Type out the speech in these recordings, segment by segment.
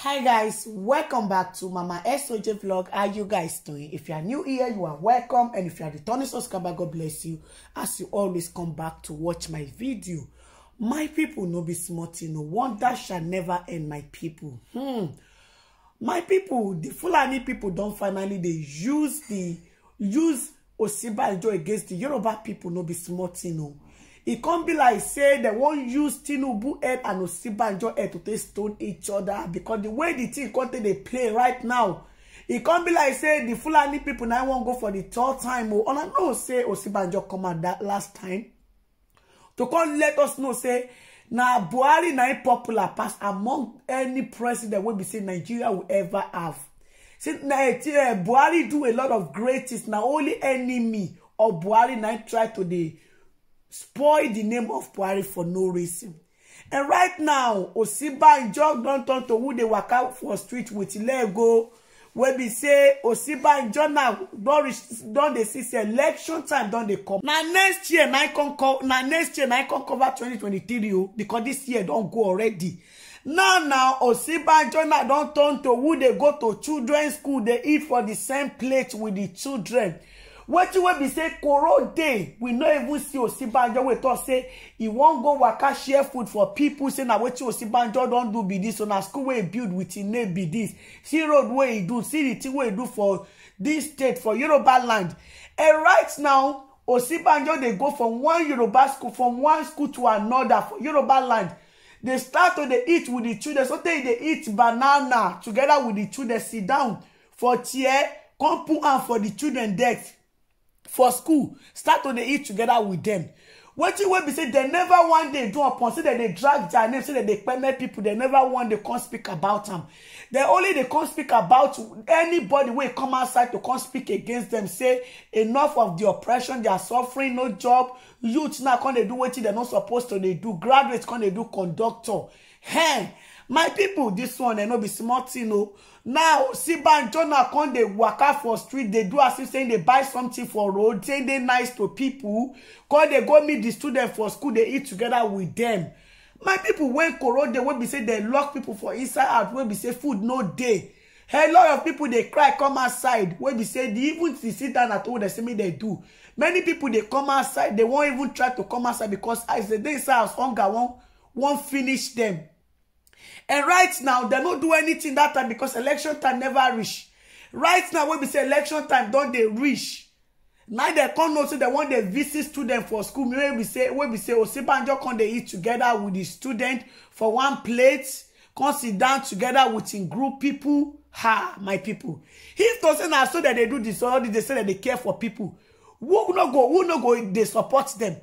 hi guys welcome back to mama soj vlog how you guys doing if you are new here you are welcome and if you are returning subscriber god bless you as you always come back to watch my video my people no be small thing no wonder shall never end my people hmm my people the fulani people don't finally they use the use Osinbajo against the Yoruba people no be small thing o. It can't be like say they won't use tinubu head and osinbajo head to take stone each other because the way the thing come they play right now It can't be like say the fulani people now won't go for the third time o I know say osinbajo come at that last time to come let us know say now buhari now popular pass among any president wey be say nigeria will ever have say na eh, buhari do a lot of great things na only enemy of buhari now try to dey spoil the name of Buhari for no reason. And right now, Osiba and John don't turn to who they dey out for street with Lego. wey be say Osiba and John now don't dey see say election time don't they come na next year I come cover 2023 you because this year don't go already now now Osiba and John now don't turn to who they go to children's school They eat for the same plate with the children What you wey be say koro day we no even see Osi osinbajo wey talk say e won't go waka share food for people. pipo what you Osi osinbajo don't do be this, so na school wey e build with im name be this? see road wey he do see the thing wey he do for this state for yoruba land and right now Osi osinbajo they go from one yoruba school from one school to another for yoruba land dey start to they eat with the children So they they eat banana together with the children sit down for chair come put out for the children desk for school start to dey eat together with dem wetin wey be say dem never one day do upon say dem dey drag their name say dem dey permit people. dem never one day come speak about am dem only dey come speak about anybody wey come outside to come speak against dem say enough of the oppression dia suffering no job youth now come dey do wetin dem no suppose to dey do graduates come dey do conductor Hey, my people, this one know eh, be small tin o oh. now sibanjo na come walk out for street They do as if say dey buy something for road say dey nice to people. Cause they go meet the student for school They eat together with them. my people, when corona they wey be say they lock people for inside out wey be say food no day. a lot of people they cry come outside wey be say even if sit down at home They say me they do many people they come outside They won't even try to come outside becos as dem dey inside house hunger won't finish them and right now they no do anything that time because election time never reach right now when we say election time don't they reach now they come know say dem wan dey visit student for school when we say say osinbajo come they eat together with the student for one plate come sit down together with in group people. ha my people. if to say na so dem dey do this. all they say that they care for people. who not go Who not go? They support them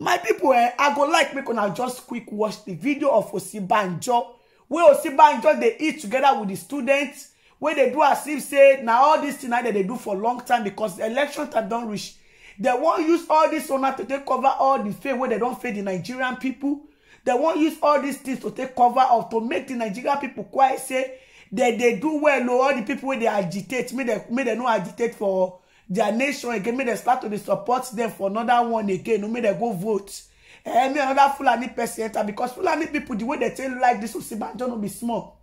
my people, eh i go like make una just quick watch the video of osinbanjo wey osinbanjo dey eat together with the students wey dey do as if say na all this tin dem dey do for long time because election time don reach dem wan use all this owner to take cover all the fail wey dem don fail the nigerian people. dem wan use all these things to take cover up to make the nigerian people quiet say dem dey do well o oh, all the people wey dey agitate make dem no agitate for their nation again make dem start to support them for another one again make dem go vote eh make another fulani person enter because fulani people the way dem take like this osinbajo will be small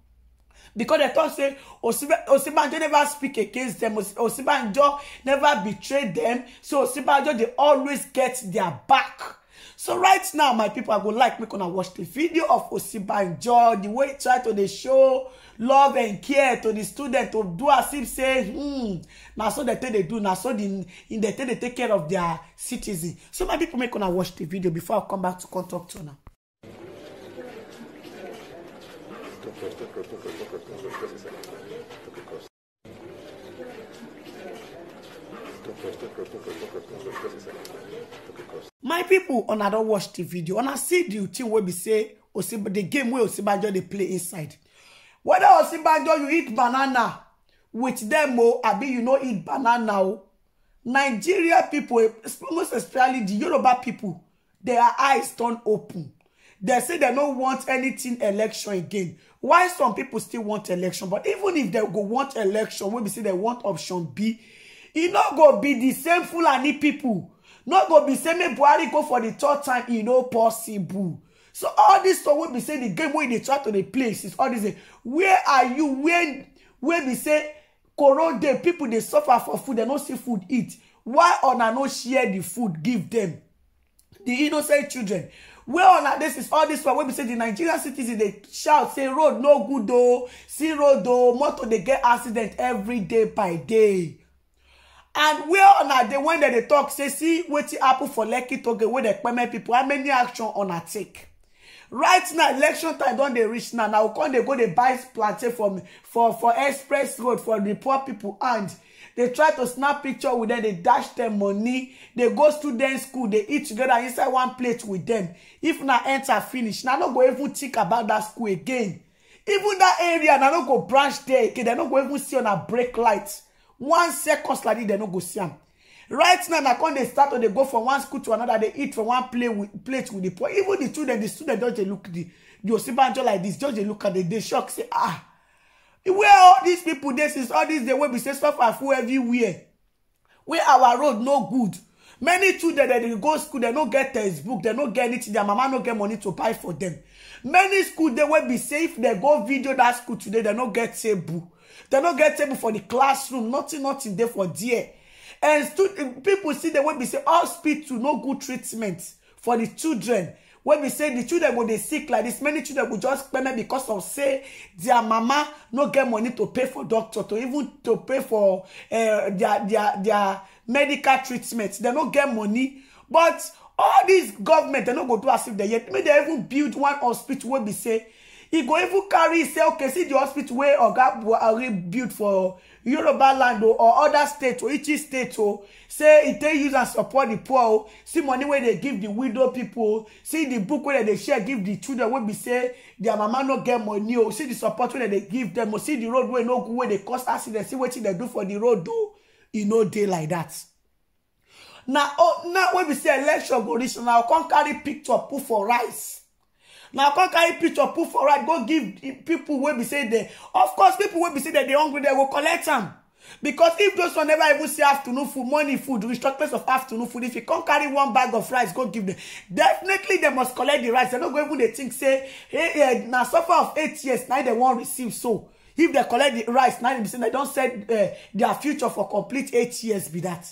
because dem talk say osinbajo never speak against them. osinbajo never betray them. so osinbajo they always get their back so right now my people, i go like make una watch the video of osinbajo The way e try to dey show love and care to the student to do as if say hmm na so dem take dey do now so dem take they take care of their citizen so my people, make una watch the video before i come back to talk to una. my people, pipo I don't watch di video I see the thing where we say the game where osinbajo they play inside whether osinbajo you eat banana with them o oh, abi you know eat banana oh. nigeria people, most especially the yoruba people, their eyes turn open They say they don't want anything election again Why some people still want election but even if they go want election wey be say dem want option b e no go be the same fulani people. no go be say make buhari go for the third time e no possible so all this stuff wey be say the game wey e dey try to dey play is all dis where are you When? wey be say corona dey people. dey suffer for food dem no see food eat why una no share the food give dem di innocent children Where on this is all this one wey be say the nigerian citizens dey shout say road no good o oh. see road o oh. motor dey get accident every day by day and where una dey wen dem they talk, say see what happen for lekki get wey the permit people how many action on a take right now election time don they reach now now come they go they buy plantain for me for for express road for the poor people. And they try to snap picture with them. They dash dem money They go student school They eat together inside one plate with them. if na enter finish now don't go even think about that school again even that area now don't go branch there again they don't go even see on a break light one second like they no go see am right now na come dey start to they go from one school to another they eat from one plate with plate with the poor even the children the student, just they look the the osinbajo like this just they look at dey dey shock say ah where all these people This is all this day wey be say suffer full everywhere Where our road no good many children dem dey go school they no get textbook They no get anything their mama no get money to buy for them. many school they will be safe. They go video that school today they no get table They no get table for the classroom nothing nothing there for there and people see the way we say hospital no good treatment for the children When we say the children go dey sick like this, many children go just payment because of say their mama no get money to pay for doctor to even to pay for eh, their their their medical treatment They no get money but all these government they no go do as if dem yet make they even build one hospital where we say e go even carry say okay see the hospital wey oga buhari build for yoruba land or other state or each state o say e take use and support the poor see money wey dey give the widow pipo see the book wey dem dey share give the children wey be say their mama no get money o see the support wey dem dey give them o see the road wey no good wey dey cause accident see wetin dem do for the road o e no dey like dat na oh, now wey be say election go reach now come carry picture put for rice na come carry picture put for right go give people wey be say dem of course people wey be say dem dey hungry dem go collect am because if those one never even see afternoon food morning food reach short place of afternoon food if you come carry one bag of rice go give them definitely they must collect the rice dem no go even dey think say hey eh, na suffer of eight years na they wan receive so if they collect the rice na dem say dem don set eh, their future for complete eight years be that.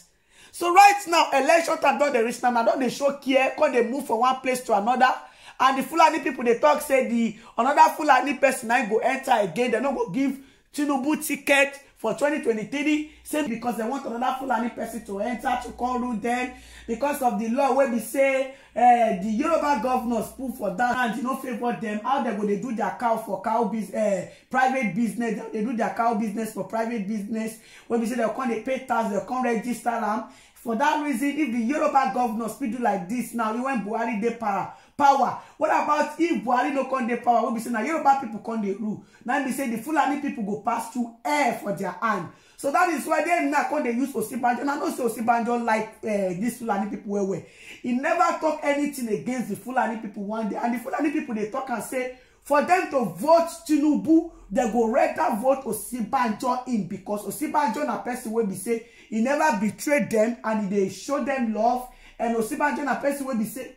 so right now election time don dey reach now na don dey show care come dey move from one place to another and the fulani people they talk say the another fulani person na go enter again dem not go give tinubu ticket for 2023 say because they want another fulani person to enter to call rule dem because of the law where we say eh, the yoruba governors put for that and e no favor them. how they go they do their cow for cow business, eh, private business They do their cow business for private business wey we say they come dey pay tax they come register them. for that reason if the yoruba governors speak do like this now you even buhari dey power power what about if buhari no come dey power wey be saying na yoruba people come dey rule na be say the fulani people go pass through air for their hand so that is why they now come dey use osinbajo and i know say osinbajo like dis eh, fulani people well well He never talk anything against the fulani people one day and the fulani people they talk and say for them to vote tinubu they go rather vote osinbajo in because osinbajo na person wey be say he never betrayed them and e dey show them love and osinbajo na person wey be say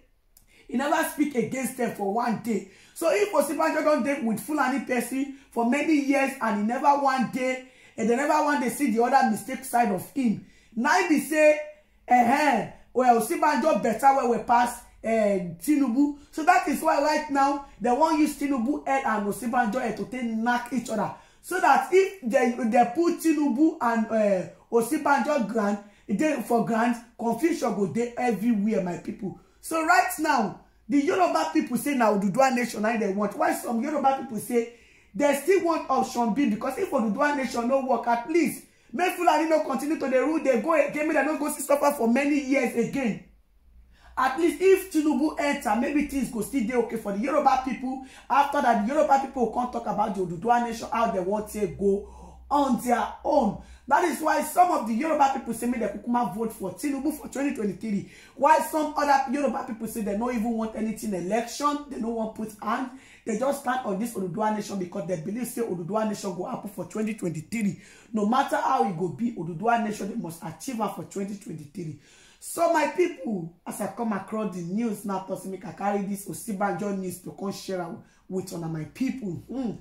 he never speak against them for one day so if Osibanjo don't date with Fulani person for many years and he never one day and they never one day see the other mistake side of him now he say eh, well Osibanjo better where we pass uh, Tinubu. So that is why right now they won't you Tinubu head and Osibanjo head to take knock each other. So that if they they put Tinubu and uh, Osibanjo grant they for grant, confusion go there everywhere, my people. So right now, the Yoruba people say now Oduduwa nation now they want. Why some Yoruba people say they still want option B because if Oduduwa nation no work, at least make Fulani no continue to the rule they go again, they no go see suffer for many years again. At least if Tinubu enter, maybe things go still be okay for the Yoruba people. After that, the Yoruba people can't talk about the Oduduwa nation, how they want to go on their own. That is why some of the Yoruba people say they the Kukuma vote for Tinubu for 2023. Why some other Yoruba people say they don't even want anything election, they don't want put hand. They just stand on this Oduduwa nation because they believe say Oduduwa nation will happen for 2023. No matter how it will be, Oduduwa nation they must achieve her for 2023. So my people, as I come across the news now, make I carry this Osibanjo news to come share with on my people. Mm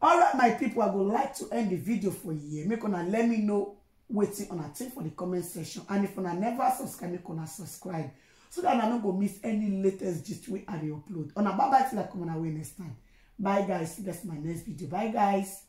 all right my people i go like to end the video for here make una let me know Waiting on a thing for the comment section and if una never subscribe make una subscribe so that I no go miss any latest gist wey i dey upload una bye bye till i come on away next time bye guys That's my next video bye guys